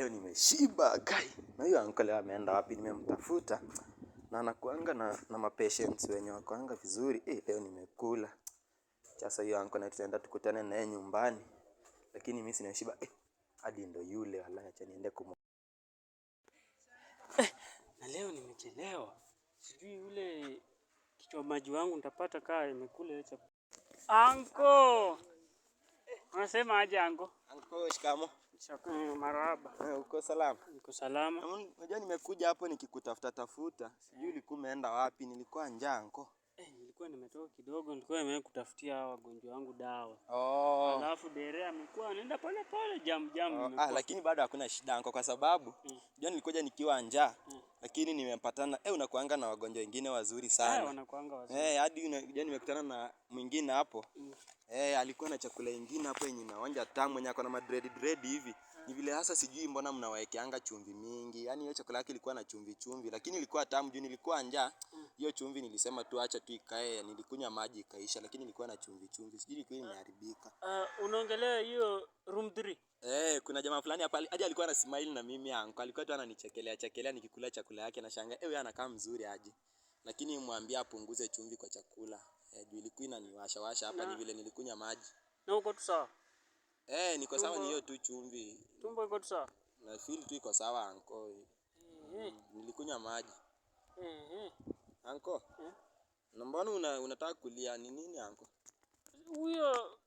leo nimeshiba gai. Na hiyo uncle ameenda wapi? Nimemtafuta na anakuanga na, na mapatients wenye wakuanga vizuri eh, leo nimekula. Sasa hiyo uncle na tutaenda tukutane naye nyumbani, lakini mimi sina shiba eh, hadi ndo yule wala, acha niende kumu eh, na leo nimechelewa, sijui yule kichwa maji wangu nitapata kaa imekula hiyo chakula. Anko, unasema aje anko? Anko, shikamo. Marhaba. Eh, uko salama? Niko salama. Unajua nimekuja hapo nikikutafuta tafuta. Sijui ulikuwa umeenda wapi? Nilikuwa njaa nko. Eh, nilikuwa nimetoka kidogo, nilikuwa kutafutia nimekutafutia wagonjwa wangu dawa. Oh. Alafu dereva amekuwa anaenda pole pole jam jam. Oh. Ah, lakini bado hakuna shida nko kwa sababu mm. Jua nilikuja nikiwa njaa. Mm lakini nimepatana eh, unakuanga na wagonjwa wengine wazuri eh, sana. Wanakuanga wazuri. Eh, hadi unajua yaani nimekutana na mwingine hapo. Mm. Eh, alikuwa na chakula ingine hapo yenye inaonja tamu mwenye ako na madredi dredi hivi. Ni vile hasa sijui mbona mnawaekeanga chumvi mingi. Yaani hiyo chakula yake ilikuwa na chumvi chumvi, lakini ilikuwa tamu juu nilikuwa njaa. Hiyo chumvi nilisema tu acha tu ikae, nilikunywa maji ikaisha, lakini ilikuwa na chumvi chumvi. Sijui ilikuwa imeharibika. Uh, unaongelea hiyo room 3. Eh, kuna jamaa fulani hapa aje alikuwa na smile na mimi anko. Alikuwa tu ananichekelea chekelea nikikula chakula yake na shanga. Ewe eh, anakaa mzuri aje. Lakini mwambie apunguze chumvi kwa chakula. Eh, juu ilikuwa inaniwasha washa hapa ni vile nilikunya maji. Na uko tu sawa? Eh, niko sawa ni hiyo tu chumvi. Tumbo iko tu sawa? Na feel tu iko sawa anko. Eh, eh. Mm -hmm. Nilikunya maji. Eh, anko. Mm. Na mbona una, unataka kulia ni nini anko? Huyo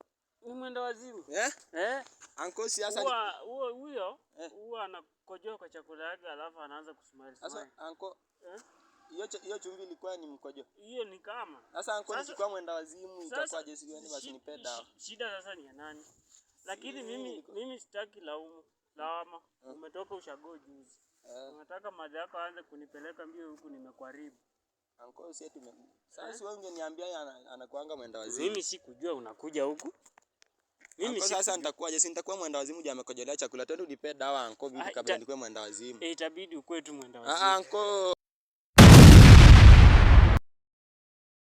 ni mwenda wazimu. Eh? Eh? Anko siasa huwa huyo eh? huwa anakojoa kwa chakula yake alafu anaanza kusmile. Sasa anko eh? hiyo eh? hiyo chumvi ilikuwa ni mkojo. Hiyo ni kama. Sasa anko nilikuwa mwenda wazimu itakuwa Yesu gani basi nipe dawa. Shida sasa ni ya nani? Lakini mimi mimi sitaki laumu. Lawama. Eh? Umetoka ushago juzi. Eh. Unataka maji yako aanze kunipeleka mbio huku nimekuharibu. Anko sisi tume. Sasa wewe ungeniambia anakuanga mwenda wazimu. Mimi sikujua unakuja huku. Mimi sasa sasa nitakuwaje? Si nitakuwa mwenda wazimu je, amekojolea chakula. tendo nipe dawa anko vipi ah, kabla nikuwe mwenda wazimu. Eh, itabidi ukuwe tu mwenda wazimu. Ah, anko.